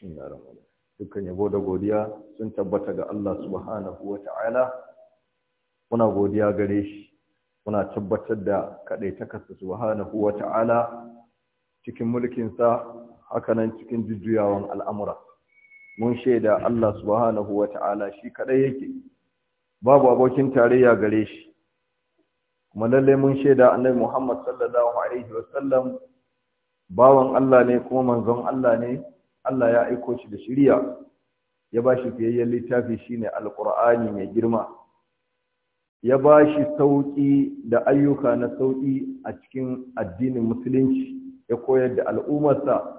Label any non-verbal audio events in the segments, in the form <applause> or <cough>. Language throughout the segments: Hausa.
dukkan yabo da godiya sun tabbata ga Allah subhanahu wa ta'ala muna godiya gare shi muna tabbatar da kaɗaitakarsa subhanahu wa ta'ala cikin mulkinsa hakanan cikin jujjuyawan al'amura mun shaida Allah subhanahu wa ta'ala shi kaɗai yake babu abokin tarayya gare shi kuma lallai mun shaida annabi Muhammad sallallahu alaihi wasallam bawan Allah ne kuma manzon Allah ne Allah ya aiko shi da shirya ya ba shi fiyayyen littafi shine Alkur'ani mai girma ya ba shi sauƙi da ayyuka na sauƙi a cikin addinin musulunci ya koyar da al'ummarsa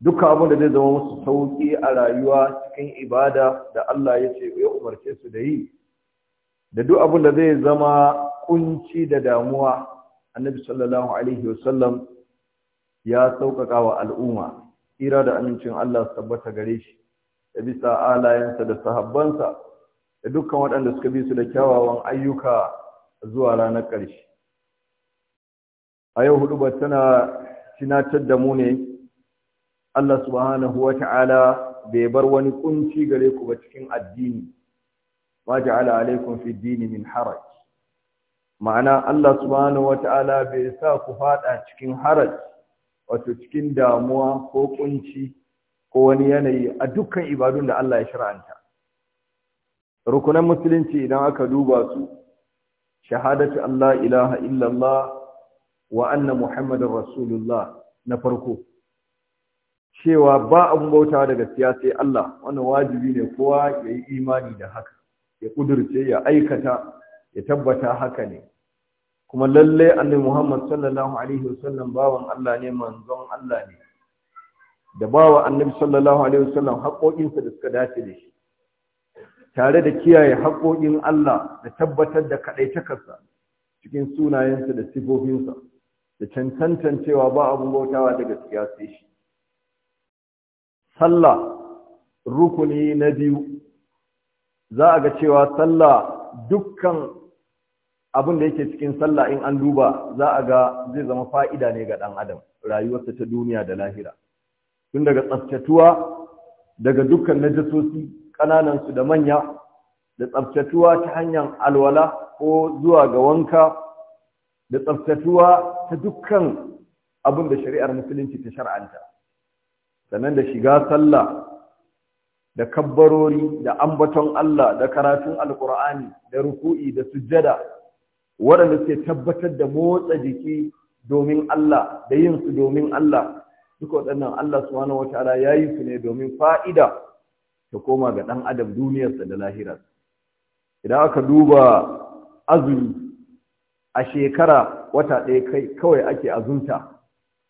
Duk abin da zai zama musu sauƙi a rayuwa cikin ibada da Allah ya ce ya umarce su da yi da duk abin da zai zama kunci da damuwa annabi sallallahu alaihi wasallam ya sauƙaƙa wa al'umma Hira da amincin Allah su tabbata gare shi da bisa alayensa da sahabbansa da dukkan waɗanda suka bi su da kyawawan ayyuka zuwa ranar ƙarshe a yau hudu ba tana tinatar da mu ne Allah subhanahu wa ta'ala bai bar wani ƙunci gare ku ba cikin addini ma ja'ala alaikum fi dini min haraj ma'ana Allah subhanahu wa ta'ala bai sa ku faɗa cikin haraj wato cikin damuwa ko kunci ko wani yanayi a dukkan ibadun da Allah ya shar'anta rukunan musulunci idan aka duba su shahadatu Allah ilaha illallah wa anna muhammadar rasulullah na farko cewa ba abun bautawa daga siyasai Allah wannan wajibi ne kowa ya yi imani da haka ya ƙudurce ya aikata ya tabbata haka ne kuma lalle annabi Muhammad sallallahu alaihi wasallam bawan Allah ne manzon Allah ne da bawa annabi sallallahu alaihi wasallam haƙoƙinsa da suka dace da shi tare da kiyaye haƙoƙin Allah da tabbatar da kaɗaitakarsa cikin sunayensa da sifofinsa da cewa ba abu bautawa da gaskiya sai shi sallah rukuni na biyu za a ga cewa sallah dukkan abin da yake cikin sallah in an duba za a ga zai zama fa'ida ne ga ɗan adam rayuwarsa ta duniya da lahira tun daga tsaftatuwa daga dukkan najasosi ƙananansu da manya da tsaftatuwa ta hanyar alwala ko zuwa ga wanka da tsaftatuwa ta dukkan abin da shari'ar musulunci ta shar'anta sannan da shiga sallah da kabbarori da ambaton Allah da karatun alkur'ani da ruku'i da sujjada waɗanda suke tabbatar da motsa jiki domin Allah da yin su domin Allah duka waɗannan Allah subhanahu wataala ya yi su ne domin fa'ida ta koma ga ɗan adam duniyarsa da lahirar idan aka duba azumi a shekara wata ɗaya kai kawai ake azunta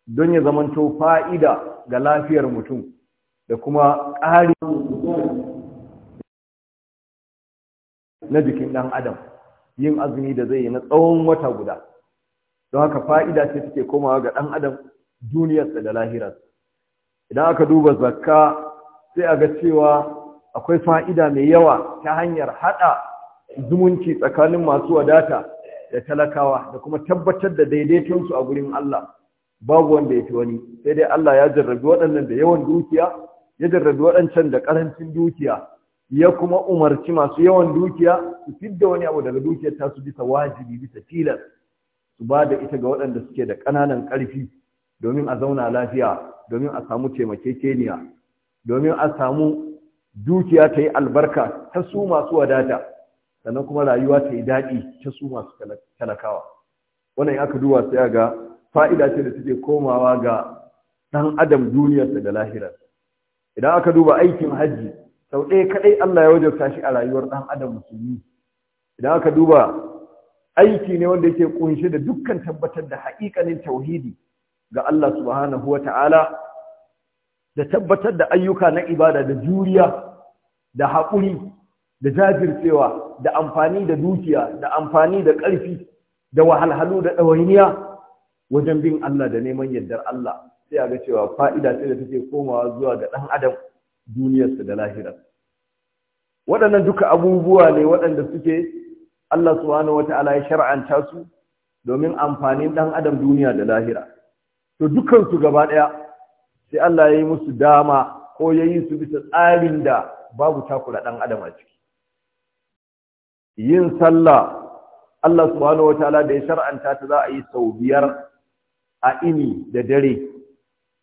don ya zamanto fa'ida ga lafiyar mutum da kuma ƙari na jikin ɗan adam yin azumi da zai yi na tsawon wata guda don haka fa'ida ce suke komawa ga ɗan adam duniyarsa da lahirar idan aka duba zakka sai a ga cewa akwai fa'ida mai yawa ta hanyar haɗa zumunci tsakanin masu wadata da talakawa da kuma tabbatar da daidaitonsu a gurin Allah babu wanda ya fi wani sai dai Allah ya jarrabi waɗannan da yawan dukiya ya jarrabi waɗancan da ƙarancin dukiya ya kuma umarci masu yawan dukiya su fidda wani abu daga dukiyar su bisa wajibi bisa tilas su ba da ita ga waɗanda suke da ƙananan ƙarfi domin a zauna lafiya domin a samu taimakekeniya domin a samu dukiya ta yi albarka ta su masu wadata sannan kuma rayuwa ta yi daɗi ta su masu talakawa wannan ya aka duba sai ga fa'ida ce da take komawa ga ɗan adam duniyarsa da lahirar idan aka duba aikin hajji sau ɗaya kaɗai Allah ya wajabta shi a rayuwar ɗan adam musulmi idan aka duba aiki ne wanda yake kunshe da dukkan tabbatar da haƙiƙanin tauhidi ga Allah subhanahu wa ta'ala da tabbatar da ayyuka na ibada da juriya da haƙuri da jajircewa da amfani da dukiya da amfani da ƙarfi da wahalhalu da ɗawainiya wajen bin Allah da neman yardar Allah sai a ga cewa fa'ida sai da take komawa zuwa ga ɗan adam Duniyarsa da lahirar waɗannan duka abubuwa ne waɗanda suke Allah subhanahu ta'ala ya shar'anta su domin amfanin ɗan adam duniya da lahira to dukansu gaba ɗaya sai Allah ya yi musu dama ko ya yi su bisa tsarin da babu takura ɗan adam a ciki yin sallah Allah subhanahu ta'ala da ya shar'anta ta za a yi sau biyar a ini da dare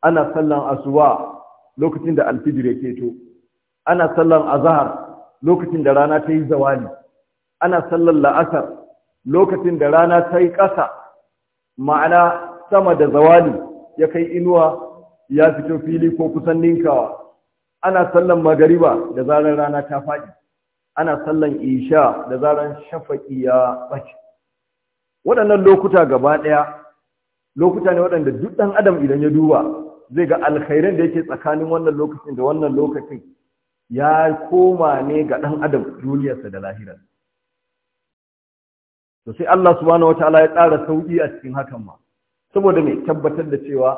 ana sallan asuba lokacin da alfijir ya keto ana sallar azhar lokacin da rana ta yi zawali ana sallar la'asar lokacin da rana ta yi ƙasa ma'ana sama da zawali ya kai inuwa ya fito fili ko kusan ninkawa ana sallan magariba da zarar rana ta faɗi ana sallan isha da zarar shafaƙi ya ɓace waɗannan lokuta gaba ɗaya lokuta ne waɗanda duk ɗan adam idan ya duba zai ga alkhairin da yake tsakanin wannan lokacin da wannan lokacin ya koma ne ga ɗan adam duniyarsa da lahirar to sai Allah subhanahu wataala ya tsara sauƙi a cikin hakan ma saboda me tabbatar da cewa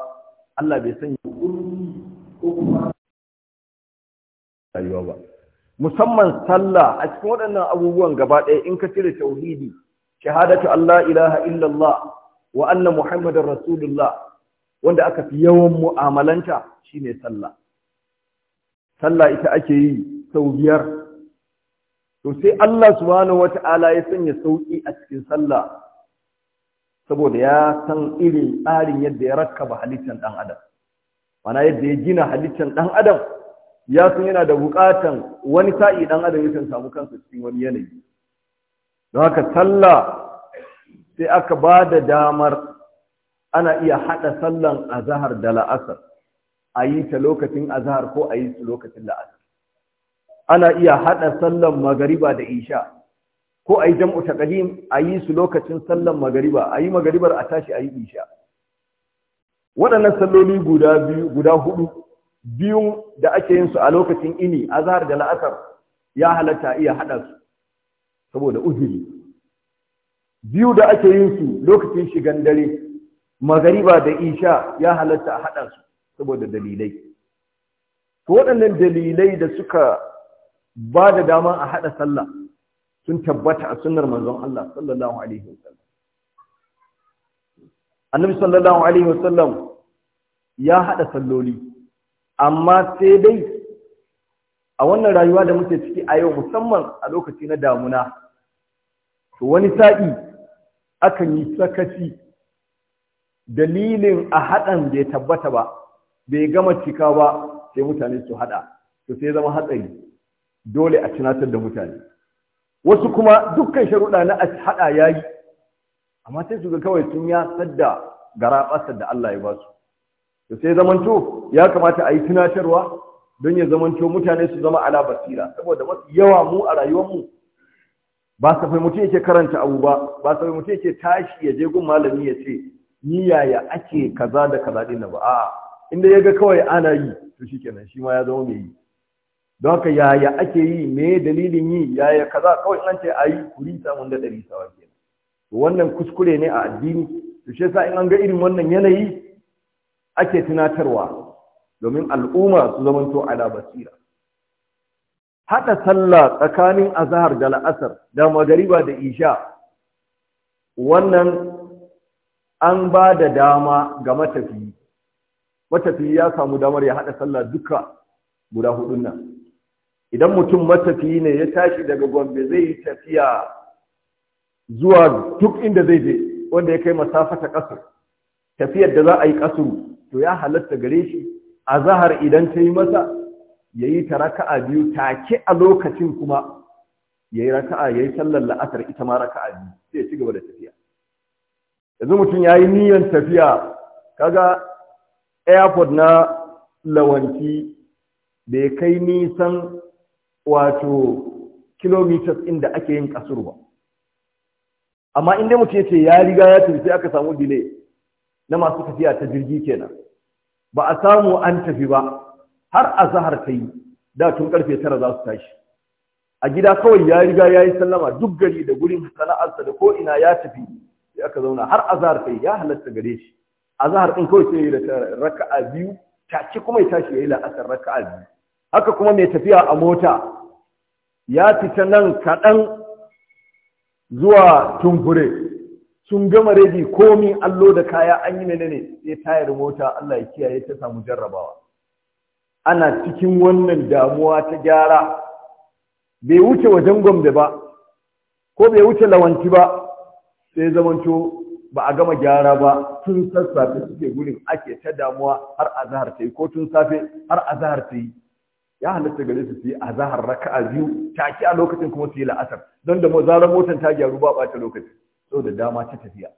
Allah bai sanya rayuwa ba musamman sallah a cikin waɗannan abubuwan gaba ɗaya in ka cire tauhidi shahadatu Allah ilaha illallah wa anna muhammadar rasulullah wanda aka fi yawan mu'amalanta shine sallah sallah ita ake yi sau biyar to sai Allah subhanahu wata'ala ya sanya sauki a cikin sallah saboda ya san irin tsarin yadda ya rakkaba halittar dan adam mana yadda ya gina halittar ɗan adam ya san yana da bukatan wani sa'i dan adam ya samu kansa cikin wani yanayi don haka sallah sai aka ba da damar ana iya haɗa sallan azahar da la'asar a yi ta lokacin azahar ko a yi su lokacin la'asar ana iya haɗa sallan magariba da isha ko a yi jam'u taqdim a yi su lokacin sallan magariba a yi magaribar a tashi a yi isha waɗannan salloli guda biyu guda hudu biyun da ake yin su a lokacin ini azahar da la'asar ya halatta iya haɗa su saboda uzuri biyu da ake yin su lokacin shigan dare magariba da isha ya halatta a haɗa su saboda dalilai to waɗannan dalilai da suka ba da dama a haɗa sallah sun tabbata a sunnar manzon Allah sallallahu alaihi wasallam annabi sallallahu alaihi wasallam ya haɗa salloli amma sai dai a wannan rayuwa da muke ciki a yau musamman a lokaci na damuna to wani sa'i akan yi sakaci dalilin a haɗan bai tabbata ba bai gama cika ba sai mutane su haɗa to sai zama hatsari dole a tunatar da mutane wasu kuma dukkan sharuɗa na haɗa ya yi amma sai su ga kawai sun ya sadda gara da Allah ya ba su to sai zamanto ya kamata a yi tunatarwa don ya zamanto mutane su zama ala basira saboda masu yawa mu a rayuwar mu ba safai mutum yake karanta abu ba ba safai mutum yake tashi ya je gun malami ya ce ni yaya ake kaza da kaza din ba a'a inda ya ga kawai ana yi to shikenan shi ma ya zama mai yi don haka yaya ake yi me dalilin yi yaya kaza kawai an ce ayi kuri mun da ɗari sawa ke to wannan kuskure ne a addini to shi yasa in an ga irin wannan yanayi ake tunatarwa domin al'umma su zamanto ala basira Hada sallah tsakanin azahar da la'asar da magariba da isha wannan an ba da dama ga matafiyi matafiyi ya samu damar ya haɗa sallah duka guda hudun nan idan mutum matafiyi ne ya tashi daga gombe zai yi tafiya zuwa duk inda zai je wanda ya kai masafata kasar tafiyar da za a yi kasuru to ya halatta gare shi a zahar idan ta yi masa ya yi ta raka'a biyu take a lokacin kuma ya yi raka'a ya yi sallar la'asar ita ma raka'a biyu sai ya gaba da tafiya yanzu mutum ya yi niyan tafiya kaga airport na lawanci da kai nisan wato kilometers inda ake yin kasuru ba amma inda mutum ya ce ya riga ya tafi sai aka samu delay na masu tafiya ta jirgi kenan ba a samu an tafi ba har a zahar ta yi da tun karfe tara za su tashi a gida kawai ya riga ya yi sallama duk gari da gurin sana'arsa da ko ina ya tafi sai aka zauna har azhar kai ya halatta gare shi azhar din kawai sai ya da raka'a biyu taci kuma ya tashi yayi la'asar raka'a biyu haka kuma mai tafiya a mota ya fita nan kaɗan zuwa tumfure sun gama redi komi allo da kaya an yi menene sai tayar mota Allah ya kiyaye ta samu jarrabawa ana cikin wannan damuwa ta gyara bai wuce wajen gombe ba ko bai wuce lawanci ba sai zamanto ba a gama gyara ba tun sassafe suke gurin ake ta damuwa har azahar ta yi ko tun safe har azahar ta yi ya halatta gare su su yi azahar raka'a biyu take a lokacin kuma su yi la'asar don da zarar motar ta gyaru ba ɓata lokaci so da dama ta tafiya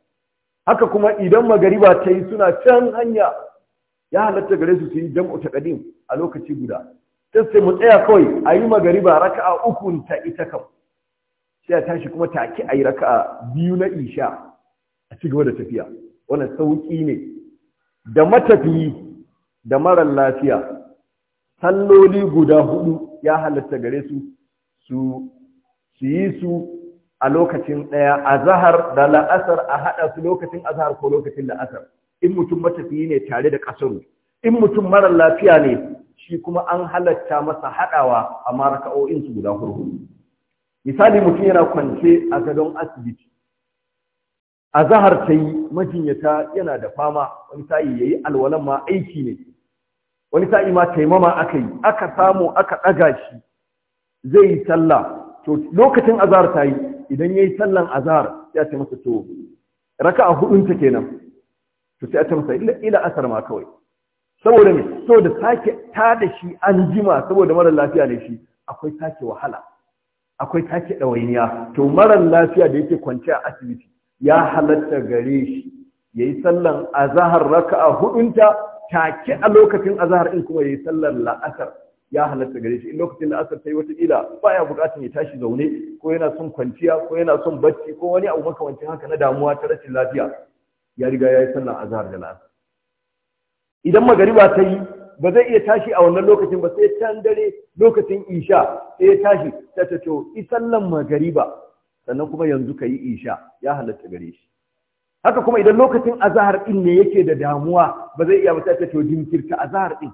haka kuma idan magariba ta yi suna can hanya ya halatta gare su su yi jam'u ta taqdim a lokaci guda sai mu tsaya kawai a yi magariba raka'a ukun ta ita kawai sai a tashi kuma take a yi raka'a biyu na isha a ci gaba da tafiya wannan sauƙi ne da matafiyi da marar lafiya salloli guda hudu ya halatta gare su su yi su a lokacin ɗaya a zahar da la'asar a haɗa su lokacin azahar ko lokacin la'asar in mutum matafiyi ne tare da ƙasaru in mutum marar lafiya ne shi kuma an halatta masa haɗawa a maraka'o'insu guda hurhudu misali mutum yana kwance a gadon asibiti a zahar ta yi majinyata yana da fama wani sa'i ya yi alwalan ma aiki ne wani sa'i ma taimama aka yi aka samu aka ɗaga shi zai yi sallah to lokacin azahar ta yi idan ya yi sallan azahar ya ce masa to raka a hudunta kenan to sai a ce masa ila asar ma kawai saboda me saboda sake ta da shi an jima saboda mara lafiya ne shi akwai sake wahala akwai take ɗawainiya to marar lafiya da yake kwanci a asibiti ya halatta gare shi ya yi sallan azahar raka a hudunta take a lokacin azahar in kuma ya yi sallan la'asar ya halatta gare shi in lokacin la'asar ta yi wataƙila baya buƙatar ya tashi zaune ko yana son kwanciya ko yana son bacci ko wani abu makamancin haka na damuwa ta rashin lafiya ya riga ya yi sallan azahar da la'asar idan magariba ta yi ba zai iya tashi a wannan lokacin ba sai can dare lokacin isha sai ya tashi ta ta to isallan magariba sannan kuma yanzu ka yi isha ya halatta gare shi haka kuma idan lokacin azahar din ne yake da damuwa ba zai iya ba ta to dinkirta azahar din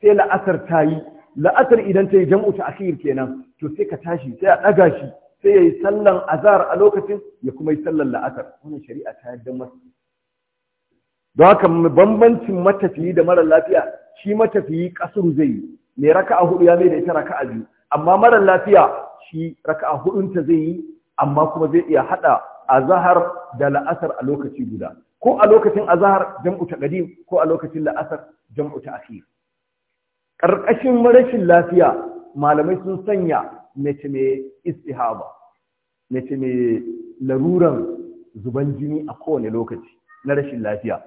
sai la'asar ta yi la'asar idan ta yi jam'u ta akhir kenan to sai ka tashi sai a daga shi sai ya yi sallan azahar a lokacin ya kuma yi sallan la'asar wannan shari'a ta yadda masa don haka bambancin matafiyi da mara lafiya shi matafiyi kasuru zai yi mai raka'a hudu ya mai da ita raka'a biyu amma marar lafiya shi raka'a hudunta zai yi amma kuma zai iya hada azahar da la'asar a lokaci guda ko a lokacin azahar jam'u ta qadim ko a lokacin la'asar jam'u ta akhir karkashin rashin lafiya malamai sun sanya mace mai istihaba mace mai laruran zuban jini a kowane lokaci na rashin lafiya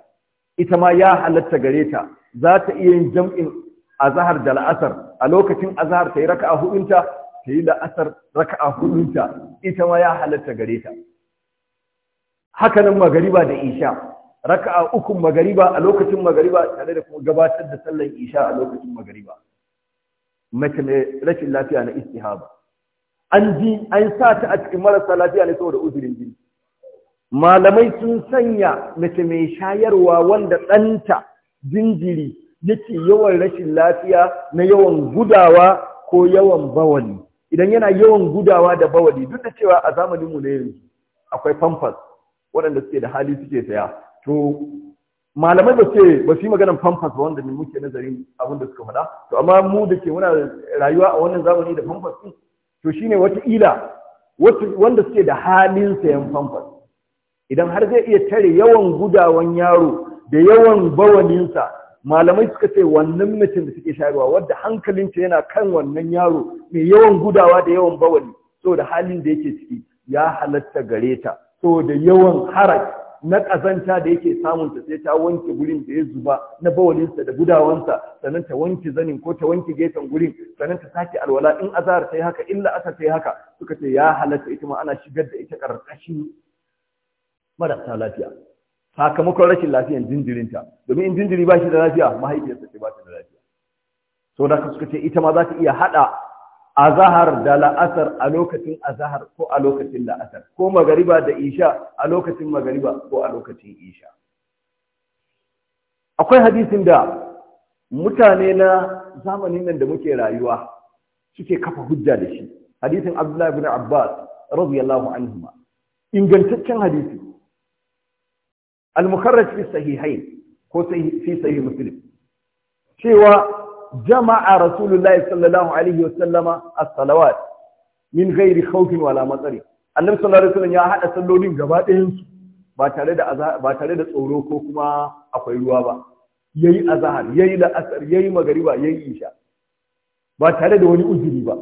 ita ma ya halatta gare ta za ta iya yin jam'in azahar da la'asar a lokacin azahar ta yi raka'a hudunta ta yi la'asar raka'a hudunta ita ma ya halatta gare ta hakanan magariba da isha raka'a ukun magariba a lokacin magariba tare da kuma gabatar da sallan isha a lokacin magariba mace mai rashin lafiya na istihaba an ji an sa ta a cikin marasa lafiya ne saboda uzurin jini malamai sun sanya mace mai shayarwa wanda ɗanta jinjiri yake yawan rashin lafiya na yawan gudawa ko yawan bawali idan yana yawan gudawa da bawali duk da cewa a zamaninmu na yanzu akwai pampas waɗanda suke da hali suke saya to malamai ba ce ba su yi maganar pampas ba wanda muke nazarin abin da suka faɗa to amma mu da ke muna rayuwa a wannan zamani da pampas din to shine wata ila wanda suke da halin sayan pampas? idan har zai iya tare yawan gudawan yaro da yawan bawaninsa malamai suka ce wannan mutum da suke shayarwa wadda hankalinta yana kan wannan yaro mai yawan gudawa da yawan bawani saboda halin da yake ciki ya halatta gare ta saboda yawan haraj na ƙazanta da yake samun ta sai ta wanke gurin da ya zuba na bawalinsa da gudawansa sannan ta wanke zanin ko ta wanke gefen gurin sannan ta sake alwala in ta yi haka illa ta yi haka suka ce ya halatta ita ma ana shigar da ita ƙarƙashin marasa lafiya sakamakon rashin lafiyan jinjirinta domin in jinjiri ba shi da lafiya mahaifiyarsa ce ba ta da lafiya so da suka ce ita ma za ta iya hada azahar da la'asar a lokacin azahar ko a lokacin la'asar ko magariba da isha a lokacin magariba ko a lokacin isha akwai hadisin da mutane na zamanin nan da muke rayuwa suke kafa hujja da shi hadisin abdullahi ibn abbas radiyallahu anhu ingantaccen hadisi al-mukarraj fi sahihain ko fi sahih muslim cewa jama'a rasulullahi sallallahu alaihi wa sallama as-salawat min ghairi khawfin wala matsari annabi sallallahu alaihi wasallam ya hada sallolin gaba ɗayan su ba tare da ba tare da tsoro ko kuma akwai ruwa ba yayi azhar yayi la'asar yayi magariba yayi isha ba tare da wani uzuri ba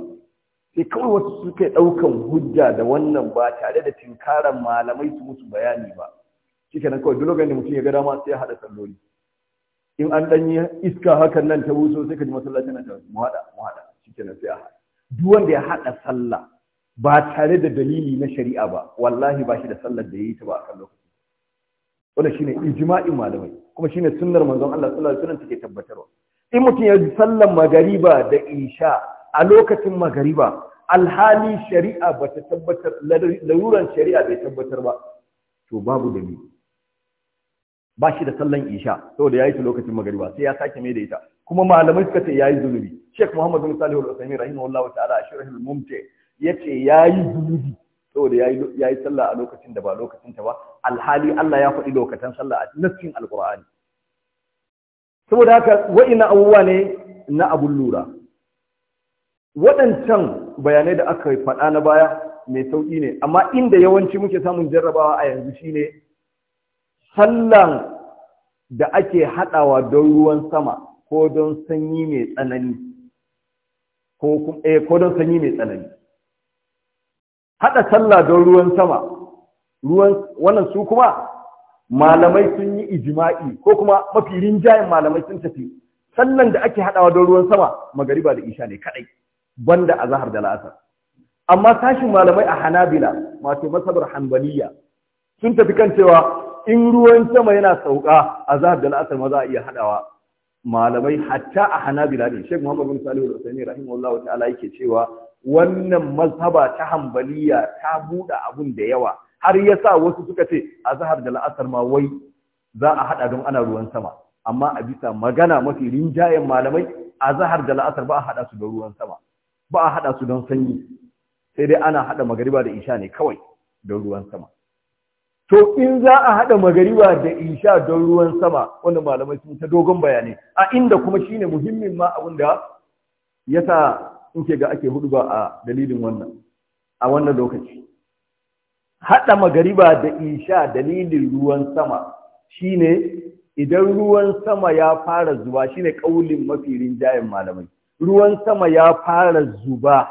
sai kawai wasu suke daukan hujja da wannan ba tare da tinkaran malamai su musu bayani ba shikenan kawai duk lokacin da mutum ya ga dama sai ya haɗa salloli in an ɗan yi iska hakan nan ta wuso sai ka ji masallacin nan ta mu haɗa mu haɗa shikenan sai ya haɗa duk wanda ya haɗa sallah ba tare da dalili na shari'a ba wallahi ba shi da sallar da yayi ta ba a kan lokaci wanda shine ijma'in malamai kuma shine sunnar manzon Allah sallallahu alaihi wasallam take tabbatarwa in mutum ya ji sallar magariba da isha a lokacin magariba alhali shari'a ba ta tabbatar laruran shari'a bai tabbatar ba to babu dalili ba shi da sallan isha saboda yayi ta lokacin magariba sai ya sake mai da ita kuma malamai suka ce yayi zunubi Sheikh Muhammad bin Salih al-Uthaymeen rahimahullahu ta'ala a ya ce yace yayi zunubi saboda yayi yayi sallah a lokacin da ba lokacin ta ba alhali Allah ya faɗi lokacin sallah a nassin alqur'ani saboda haka wa'ina abubuwa ne na abun lura waɗancan bayanai da aka faɗa na baya mai sauƙi ne amma inda yawanci muke samun jarrabawa a yanzu shine sallan da ake haɗawa don ruwan sama ko don sanyi mai tsanani eh, ko don sanyi mai tsanani haɗa sallah don ruwan sama ruwan wannan su kuma malamai sun yi ijima'i ko kuma mafi rinjayen malamai sun tafi sallan da ake haɗawa don ruwan sama magariba da isha ne kaɗai banda a zahar da la'asar amma tashin malamai a hanabila masu masabar hanbaliya sun tafi kan cewa in ruwan sama yana sauka a zahar da la'asar ma za a iya haɗawa malamai hatta a hanabila ne shek muhammad bin salihu al-usaini rahimahullahu ta'ala yake cewa wannan mazhaba ta hambaliya ta buɗe abun da yawa har yasa wasu suka ce a zahar da la'asar ma wai za a haɗa don ana ruwan sama amma a bisa magana mafi rinjayen malamai a zahar da la'asar ba a haɗa su don ruwan sama ba a haɗa su don sanyi sai dai ana haɗa magariba da isha ne kawai don ruwan sama to in za a haɗa magariba da isha don ruwan sama wanda malamai sun ta dogon bayanai a inda kuma shine muhimmin ma abin da ya sa in ke ga ake hudu ba a dalilin wannan a wannan lokaci haɗa magariba da isha dalilin ruwan sama shine idan ruwan sama ya fara zuba shine ƙaulin mafi rinjayen malamai ruwan sama ya fara zuba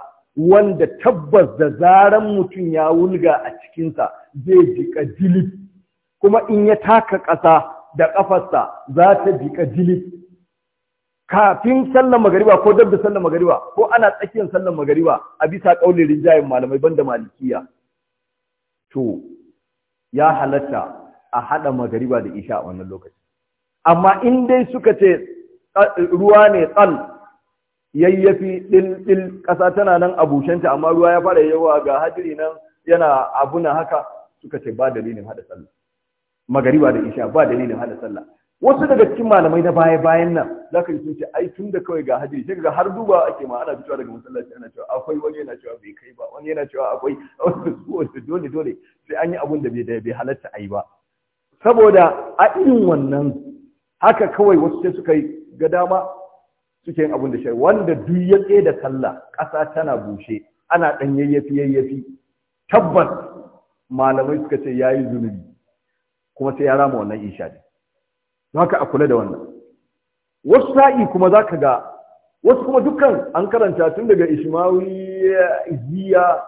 wanda tabbas da zaran mutum ya wulga a cikinsa zai jika jilif kuma in ya taka ƙasa da ƙafarsa za ta jika jilif kafin sallan magariba ko dabda da sallan magariba ko ana tsakiyar Sallar magariba a bisa ƙaunin rinjayen malamai banda malikiya to ya halatta a haɗa magariba da isha a wannan lokaci amma in dai suka ce ruwa ne tsal yayyafi ɗil ƙasa tana nan a bushenta amma ruwa ya fara yawa ga hadiri nan yana abuna haka suka ce ba dalilin hada sallah magariba da isha ba dalilin hada sallah wasu daga cikin malamai na baya bayan nan zaka ji sun ce ai tun da kawai ga hadiri sai ga har duba ake ma ana fitowa daga masallaci ana cewa akwai wani yana cewa bai kai ba wani yana cewa akwai <laughs> wasu dole dole sai an yi abun da bai halatta ai ba saboda a irin wannan haka kawai wasu sai suka yi ga dama suke yin abin da shari'a wanda duk ya da sallah ƙasa tana bushe ana ɗan yayyafi yayyafi tabbas malamai suka ce ya yi zunubi kuma sai ya rama wannan isha ne don haka a kula da wannan wasu sa'i kuma za ka ga wasu kuma dukkan an karanta tun daga ishmawiya iziya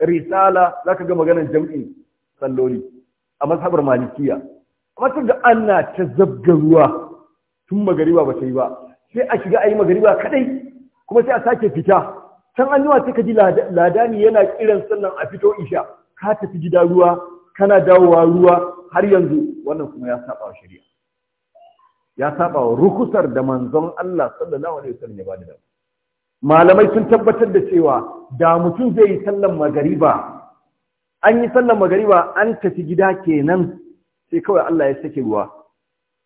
risala za ka ga maganar jam'in salloli a mazhabar malikiya amma tun da ana ta zabga ruwa tun magariba ba ta yi ba sai a shiga ayi magariba kadai kuma sai a sake fita can an yi wata ka ji ladani yana kiran sannan a fito isha ka tafi gida ruwa kana dawowa ruwa har yanzu wannan kuma ya saba wa shari'a ya saba wa rukusar da manzon Allah sallallahu alaihi wasallam ya bada da malamai sun tabbatar da cewa da mutum zai yi sallan magariba an yi sallan magariba an tafi gida kenan sai kawai Allah ya sake ruwa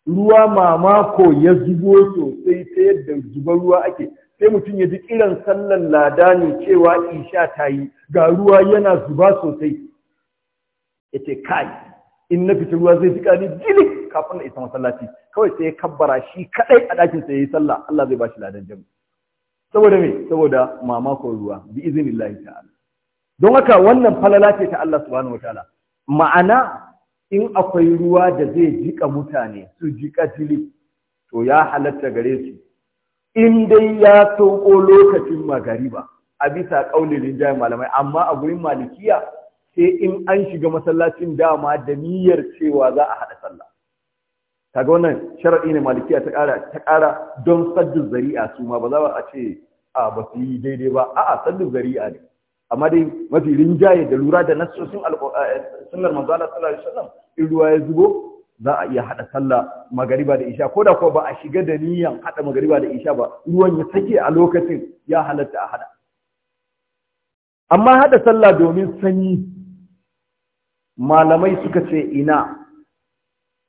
ruwa mamako ya zubo sosai ta yadda zuban ruwa ake sai mutum ya ji kiran sallan lada ne cewa isha ta yi ga ruwa yana zuba sosai ya ce kai in na fita ruwa zai fi ni jili kafin na isa masallaci kawai sai ya kabbara shi kaɗai a ɗakin sa yi sallah Allah zai ba shi ladan jami saboda me saboda mamakon ruwa bi iznillahi ta'ala don haka wannan falala ce ta Allah subhanahu wataala ma'ana in akwai ruwa da zai jika mutane su jika jili to ya halatta gare su in dai ya sauko lokacin magariba a bisa ƙaunin rinjaye malamai amma a gurin malikiya sai in an shiga masallacin dama da niyyar cewa za a haɗa sallah kaga wannan sharaɗi ne malikiya ta ƙara don saddin zari'a su ma ba za a ce a ba su yi daidai ba a'a saddin zari'a ne amma dai mafi rinjaye da lura da nassosin eh, sunnar manzo sallar sallallahu in ruwa ya zubo za a iya haɗa sallah magariba da isha ko da kuwa ba a shiga da niyan haɗa magariba da isha ba ruwan ya sake a lokacin ya halatta a haɗa amma haɗa sallah domin sanyi malamai suka ce ina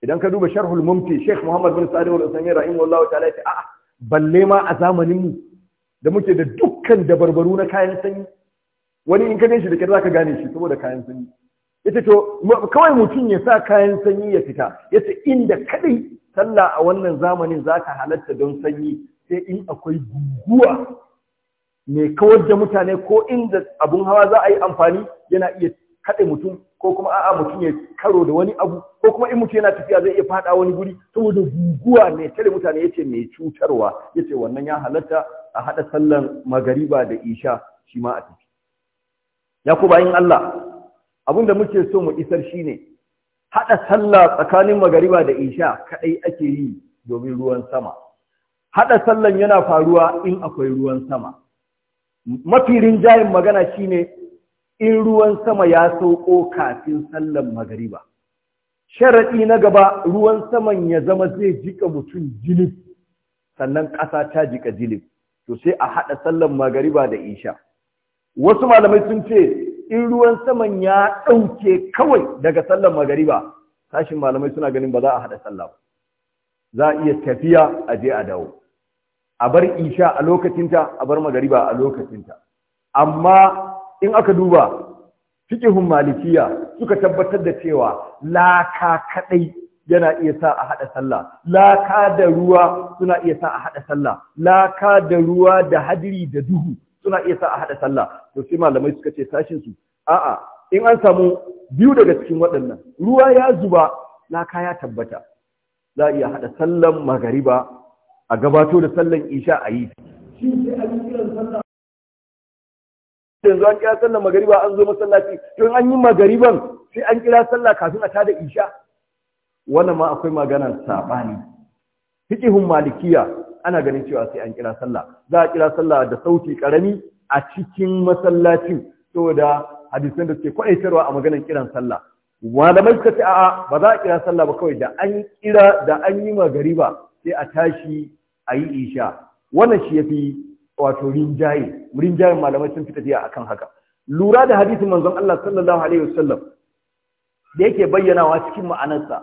idan ka duba sharhul mumti sheikh muhammad bin sadiq al-usaimi rahimahullahu ta'ala ya ce a'a balle ma a zamanin mu da muke da dukkan dabarbaru na kayan sanyi wani in ka gane shi da kyar zaka gane shi saboda kayan sanyi yace to kawai mutum ya sa kayan sanyi ya fita Ya ce inda kadai sallah a wannan zamanin za ta halatta don sanyi sai in akwai guguwa mai kawar da mutane ko inda abun hawa za a yi amfani yana iya kaɗe mutum ko kuma a'a mutum ya karo da wani abu ko kuma in mutum yana tafiya zai iya faɗa wani guri saboda guguwa mai tare mutane Ya ce mai cutarwa Ya ce wannan ya halatta a haɗa sallan magariba da isha shi ma a tafi ya ku Allah abin da muke so mu isar shine ne haɗa sallah tsakanin magariba da isha kaɗai ake yi domin ruwan sama haɗa sallan yana faruwa in akwai ruwan sama mafi rinjayen magana shine in ruwan sama ya sauko kafin sallan magariba sharaɗi na gaba ruwan saman ya zama zai jika mutum jilib sannan ƙasa ta jika jilif to sai a haɗa sallan magariba da isha wasu malamai sun ce in ruwan saman ya ɗauke kawai daga sallar magariba tashin malamai suna ganin ba za a haɗa sallah za a iya tafiya a je a dawo a bar isha a lokacinta a bar magariba a lokacinta amma in aka duba fikihun malikiya suka tabbatar da cewa laka kaɗai yana iya sa a haɗa sallah laka da ruwa suna iya sa a haɗa sallah laka da ruwa da hadiri da duhu suna iya sa a haɗa sallah to sai malamai suka ce sashin su a'a in an samu biyu daga cikin waɗannan ruwa ya zuba na kaya tabbata za a iya haɗa sallan magariba a gabato da sallan isha a yi shi sai an kira sallah yanzu an kira sallar magariba an zo masallaci to an yi magariban sai an kira sallah kafin a tada isha wannan ma akwai magana sabani fiqhun malikiya ana ganin cewa sai an kira sallah za a kira sallah da sauti karami a cikin masallacin saboda hadisan da suke kwaitarwa a maganar kiran sallah malamai suka ce a'a ba za a kira sallah ba kawai da an kira da an yi ba sai a tashi a yi isha wannan shi yafi wato rinjaye rinjayen malamai sun fi tafiya akan haka lura da hadisin manzon Allah sallallahu alaihi wasallam da yake bayyanawa cikin ma'anarsa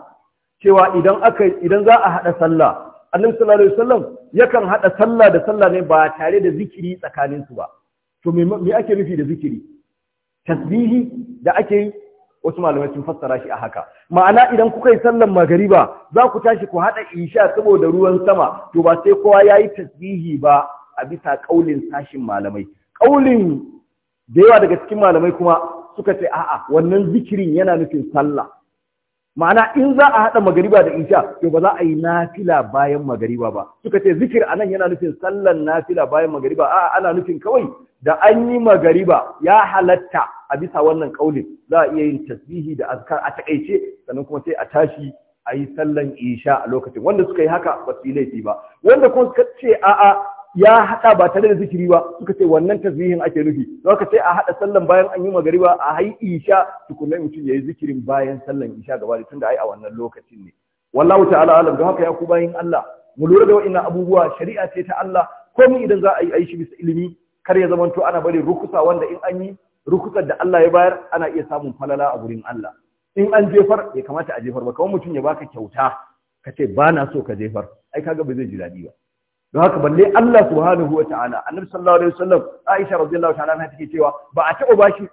cewa idan aka idan za a hada sallah annabi sallallahu alaihi wasallam yakan haɗa sallah da sallah ne ba tare da zikiri tsakaninsu ba to me ake nufi da zikiri tasbihi da ake yi wasu malamai sun fassara shi a haka ma'ana idan kuka yi sallan magariba za ku tashi ku haɗa isha saboda ruwan sama to ba sai kowa ya yi tasbihi ba a bisa ƙaulin sashin malamai ƙaulin da yawa daga cikin malamai kuma suka ce a'a wannan zikirin yana nufin sallah ma'ana in za a haɗa magariba da isha to ba za a yi nafila bayan magariba ba suka ce zikir anan yana nufin sallan nafila bayan magariba a'a ana nufin kawai da an yi magariba ya halatta a bisa wannan kaulin za a iya yin tasbihi da azkar a takaice sannan kuma sai a tashi a yi sallan isha a lokacin wanda suka yi haka ba su yi laifi ba wanda kuma suka ce a'a ya haɗa ba tare da zikiri ba suka ce wannan tasbihin ake nufi don haka sai a haɗa sallan bayan an yi magariba a hai isha tukunna mutum ya yi zikirin bayan sallan isha gaba da tunda ai a wannan lokacin ne wallahu ta'ala alam don haka ya ku bayin Allah mu lura da wa'annan abubuwa shari'a ce ta Allah komai idan za a yi aishi bisa ilimi kar ya zamanto ana bari rukusa wanda in an yi rukusar da Allah ya bayar ana iya samun falala a gurin Allah in an jefar ya kamata a jefar ba kawai mutum ya baka kyauta ka ce ba na so ka jefar ai kaga ba zai ji daɗi ba don haka balle Allah subhanahu wa ta'ala annabi sallallahu alaihi wasallam Aisha radiyallahu ta'ala ta take cewa ba a taɓa bashi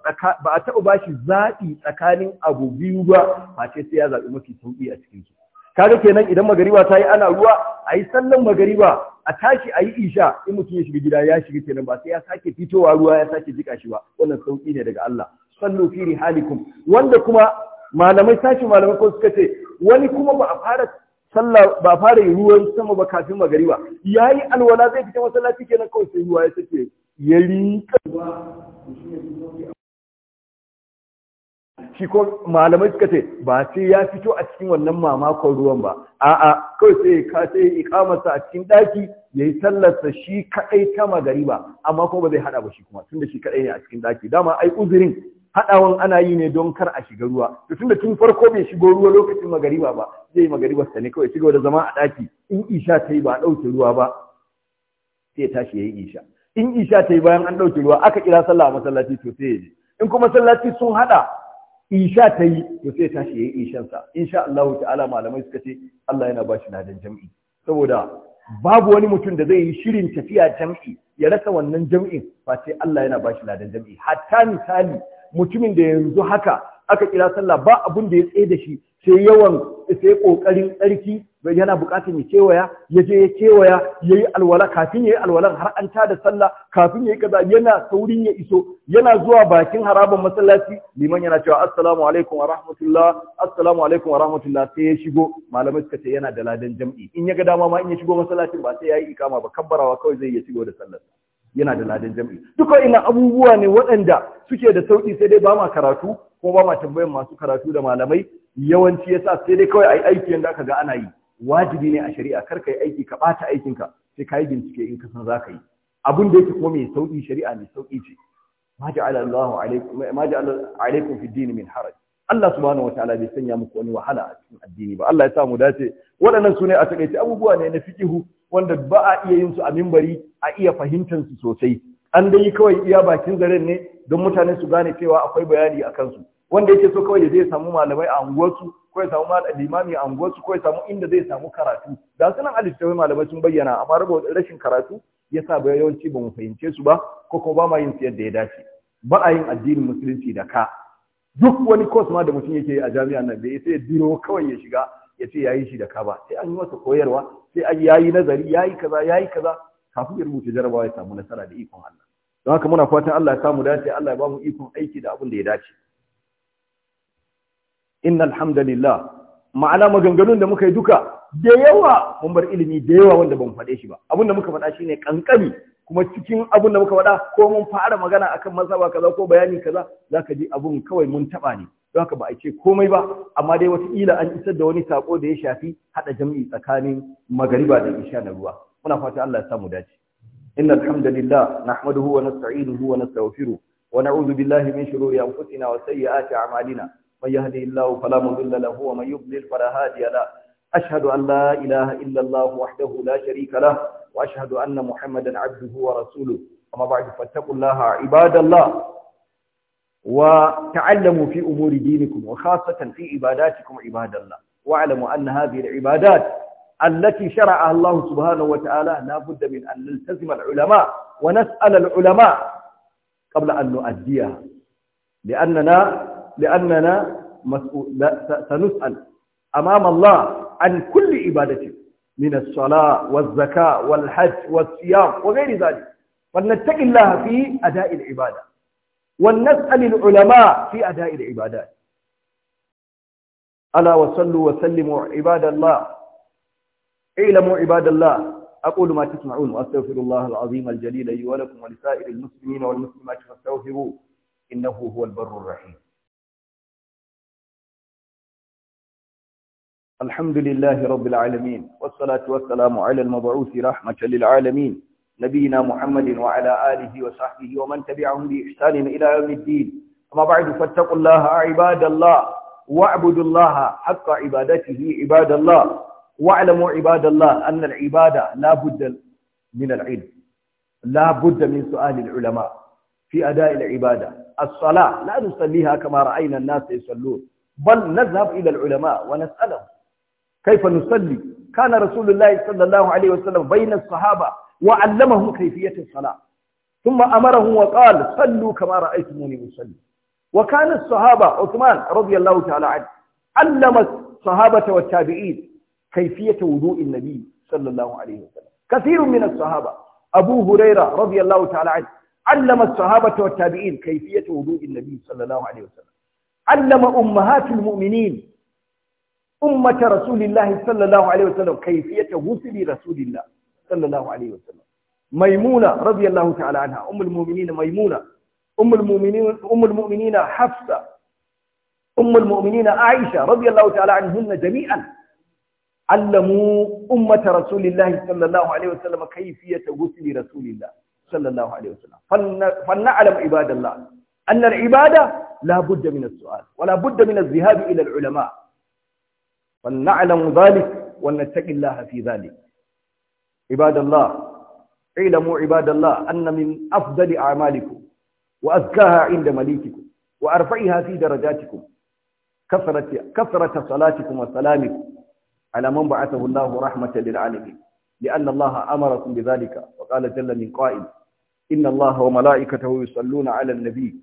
ba a taɓa bashi zabi tsakanin abu biyu ba ce sai ya zabi mafi sauki a cikin su kaga kenan idan magariba ta yi ana ruwa a yi sallan magariba a tashi a yi isha in mutum ya shiga gida ya shiga kenan ba sai ya sake fitowa ruwa ya sake jika shi ba wannan sauki ne daga Allah sallu fi rihalikum wanda kuma malamai sashi malamai ko suka ce wani kuma ba a fara sallah ba fara yi ruwan sama ba kafin magariba yayi alwala zai fita masallaci kenan kawai sai ruwa ya sake ya yi. shi malamai suka ce ba sai ya fito a cikin wannan mamakon ruwan ba a'a kawai sai ka sai ikamarsa a cikin daki yayi sallarsa shi kadai ta ba amma kuma ba zai hada ba shi kuma tunda shi kadai ne a cikin daki dama ai uzurin haɗawan ana yi ne don kar a shiga ruwa to tunda tun farko bai shigo ruwa lokacin magariba ba zai yi magaribarsa ne kawai shigo da zama a ɗaki in isha ta yi ba a ɗauke ruwa ba sai ya tashi ya yi isha in isha ta yi bayan an ɗauke ruwa aka kira sallah a masallaci to sai ya je in kuma masallaci sun haɗa isha ta yi to sai ya tashi ya yi ishansa insha Allah ta'ala malamai suka ce Allah yana ba shi ladan jam'i saboda babu wani mutum da zai yi shirin tafiya jam'i ya rasa wannan jam'in ba sai Allah yana ba shi ladan jam'i hatta misali mutumin da yanzu haka aka kira sallah ba abun da ya tsaye da shi sai yawan sai kokarin tsarki yana bukatar ya kewaya ya je ya kewaya ya yi alwala kafin ya yi alwalan har an da sallah kafin ya yi kaza yana saurin ya iso yana zuwa bakin harabar masallaci liman yana cewa assalamu alaikum wa rahmatullah assalamu alaikum wa rahmatullah sai ya shigo malamai suka ce yana da ladan jam'i in ya ga dama ma in ya shigo masallacin ba sai ya yi ikama ba kabbarawa kawai zai ya shigo da sallar yana da ladan jami'i duka ina abubuwa ne waɗanda suke da sauki sai dai ba ma karatu ko ba ma tambayan masu karatu da malamai yawanci yasa sai dai kawai ai aiki yanda aka ga ana yi wajibi ne a shari'a kar ka yi aiki ka ɓata ka sai ka yi bincike in ka san za ka yi abin da yake kuma mai sauƙi shari'a mai sauƙi ce ma ja'ala Allahu alaikum ma ja'ala alaikum fi dini min haraj Allah subhanahu wa ta'ala bai sanya muku wani wahala a cikin addini ba Allah ya sa mu dace waɗannan ne a takaice abubuwa ne na fiqihu wanda ba a iya yin su a mimbari a iya fahimtar su sosai an dai yi kawai iya bakin zaren ne don mutane su gane cewa akwai bayani a kansu wanda yake so kawai ya zai samu malamai a unguwarsu ko ya samu limami a unguwarsu ko ya samu inda zai samu karatu da su nan alittawai malamai sun bayyana amma rashin karatu ya sa ba yawanci ba mu fahimce su ba ko kuma ba ma yin su yadda ya dace ba a yin addinin musulunci da ka duk wani kos ma da mutum yake a jami'a nan da ya sai diro kawai ya shiga ya ce ya yi shi da kaba sai an yi masa koyarwa sai an yayi nazari yayi kaza yayi kaza kafin ya rubuta jarabawa ya samu nasara da ikon Allah don haka muna fatan Allah ya samu dace Allah ya bamu ikon aiki da abin da ya dace Inna alhamdulillah ma'ana maganganun da muka yi duka da yawa mun bar ilimi da yawa wanda ban faɗe shi ba abin da muka faɗa shine kankani kuma cikin abun da muka faɗa ko mun fara magana akan mazhaba kaza ko bayani kaza zaka ji abun kawai mun taɓa ne don haka ba a ce komai ba amma dai wataƙila an isar da wani sako da ya shafi haɗa jam'i tsakanin magariba da isha na ruwa muna fata Allah ya samu dace inna alhamdulillah nahmaduhu wa nasta'inuhu wa nastaghfiruh wa na'udhu billahi min shururi anfusina wa sayyiati a'malina man yahdihillahu fala mudilla lahu wa man yudlil fala hadiya lahu ashhadu an la ilaha illa Allah wahdahu la sharika lahu وأشهد أن محمدا عبده ورسوله أما بعد فاتقوا الله عباد الله وتعلموا في أمور دينكم وخاصة في عباداتكم عباد الله واعلموا أن هذه العبادات التي شرعها الله سبحانه وتعالى لا بد من أن نلتزم العلماء ونسأل العلماء قبل أن نؤديها لأننا لأننا سنسأل أمام الله عن كل عبادتكم من الصلاة والزكاة والحج والصيام وغير ذلك فلنتقي الله في أداء العبادة ولنسأل العلماء في أداء العبادات ألا وصلوا وسلموا عباد الله اعلموا عباد الله أقول ما تسمعون وأستغفر الله العظيم الجليل لي لكم ولكم ولسائر المسلمين والمسلمات فاستغفروه إنه هو البر الرحيم الحمد لله رب العالمين والصلاة والسلام على المبعوث رحمة للعالمين نبينا محمد وعلى آله وصحبه ومن تبعهم بإحسان إلى يوم الدين أما بعد فاتقوا الله عباد الله واعبدوا الله حق عبادته عباد الله واعلموا عباد الله أن العبادة لا بد من العلم لا بد من سؤال العلماء في أداء العبادة الصلاة لا نصليها كما رأينا الناس يصلون بل نذهب إلى العلماء ونسألهم كيف نصلي كان رسول الله صلى الله عليه وسلم بين الصحابة وعلمهم كيفية الصلاة ثم أمرهم وقال صلوا كما رأيتموني مصلي وكان الصحابة عثمان رضي الله تعالى عنه علم الصحابة والتابعين كيفية وضوء النبي صلى الله عليه وسلم كثير من الصحابة أبو هريرة رضي الله تعالى عنه علم الصحابة والتابعين كيفية وضوء النبي صلى الله عليه وسلم علم أمهات المؤمنين أمة رسول الله صلى الله عليه وسلم كيفية غسل رسول الله صلى الله عليه وسلم ميمونة رضي الله تعالى عنها أم المؤمنين ميمونة أم المؤمنين أم المؤمنين حفصة أم المؤمنين عائشة رضي الله تعالى عنهن جميعا علموا أمة رسول الله صلى الله عليه وسلم كيفية غسل رسول الله صلى الله عليه وسلم فلنعلم عباد الله أن العبادة لا بد من السؤال ولا بد من الذهاب إلى العلماء فلنعلم ذلك ولنتق الله في ذلك عباد الله اعلموا عباد الله أن من أفضل أعمالكم وأزكاها عند مليككم وأرفعها في درجاتكم كثرة كثرة صلاتكم وسلامكم على من بعثه الله رحمة للعالمين لأن الله أمركم بذلك وقال جل من قائل إن الله وملائكته يصلون على النبي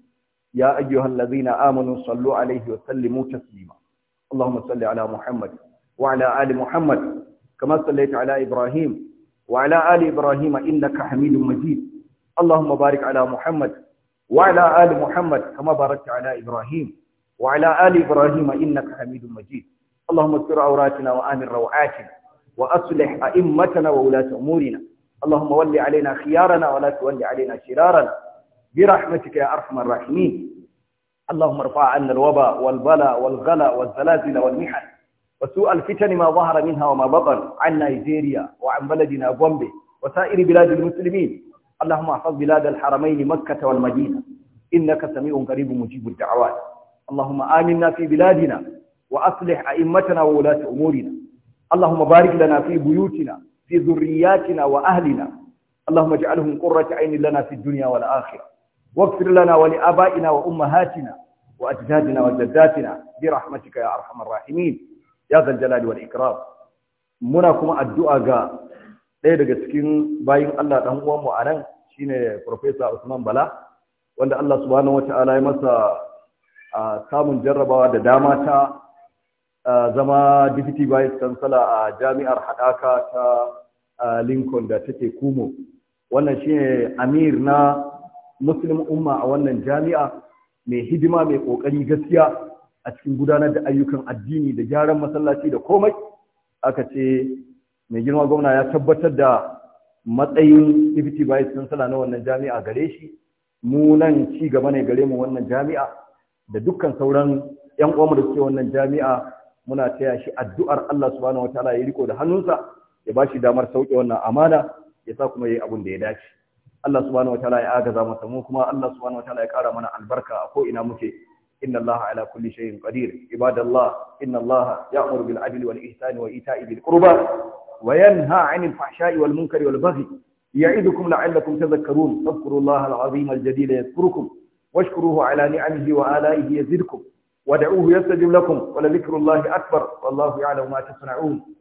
يا أيها الذين آمنوا صلوا عليه وسلموا تسليما اللهم صل على محمد وعلى آل محمد كما صليت على إبراهيم وعلى آل إبراهيم إنك حميد مجيد اللهم بارك على محمد وعلى آل محمد كما باركت على إبراهيم وعلى آل إبراهيم إنك حميد مجيد اللهم استر عوراتنا وآمن روعاتنا وأصلح أئمتنا وولاة أمورنا اللهم ول علينا خيارنا ولا تول علينا شرارنا برحمتك يا أرحم الراحمين اللهم ارفع عنا الوباء والبلاء والغلاء والزلازل والمحن وسوء الفتن ما ظهر منها وما بطن عن نيجيريا وعن بلدنا بومبي وسائر بلاد المسلمين اللهم احفظ بلاد الحرمين مكة والمدينة إنك سميع قريب مجيب الدعوات اللهم آمنا في بلادنا وأصلح أئمتنا وولاة أمورنا اللهم بارك لنا في بيوتنا في ذرياتنا وأهلنا اللهم اجعلهم قرة عين لنا في الدنيا والآخرة واغفر لنا ولآبائنا وأمهاتنا وأجدادنا وجداتنا برحمتك يا أرحم الراحمين يا ذا الجلال والإكرام muna kuma addu'a ga ɗaya daga cikin bayin Allah ɗan uwanmu a nan shine Profesa Usman Bala wanda Allah subhanahu ta'ala ya masa samun jarrabawa da dama ta zama Deputy Vice Chancellor a Jami'ar Haɗaka ta Lincoln da take Kumo wannan shine Amir na muslim umma a wannan jami'a mai hidima mai kokari gaskiya a cikin gudanar da ayyukan addini da gyaran masallaci da komai aka ce mai girma gwamna ya tabbatar da matsayin ifiti san sansala na wannan jami'a gare shi mu nan ci gaba ne gare mu wannan jami'a da dukkan sauran yan uwanmu da suke wannan jami'a muna taya shi addu'ar Allah subhanahu wataala ya riko da hannunsa ya ba shi damar sauke wannan amana ya sa kuma yayi abin da ya dace Allah subhanahu wa ya agaza masa mu kuma Allah subhanahu ya kara mana albarka a ko ina muke inna Allah ala kulli shay'in qadir ibadallah inna Allah ya'muru bil adl wal ihsani wa ita'i bil qurba wa yanha 'anil fahsha'i wal munkari wal baghi ya'idukum la'allakum tadhakkarun fadhkuru Allah al 'azim al jadid yadhkurukum washkuruhu 'ala ni'amihi wa alaihi yazidkum Wadauhu yastajib lakum wa la dhikru Allah akbar wallahu ya'lamu ma tasna'un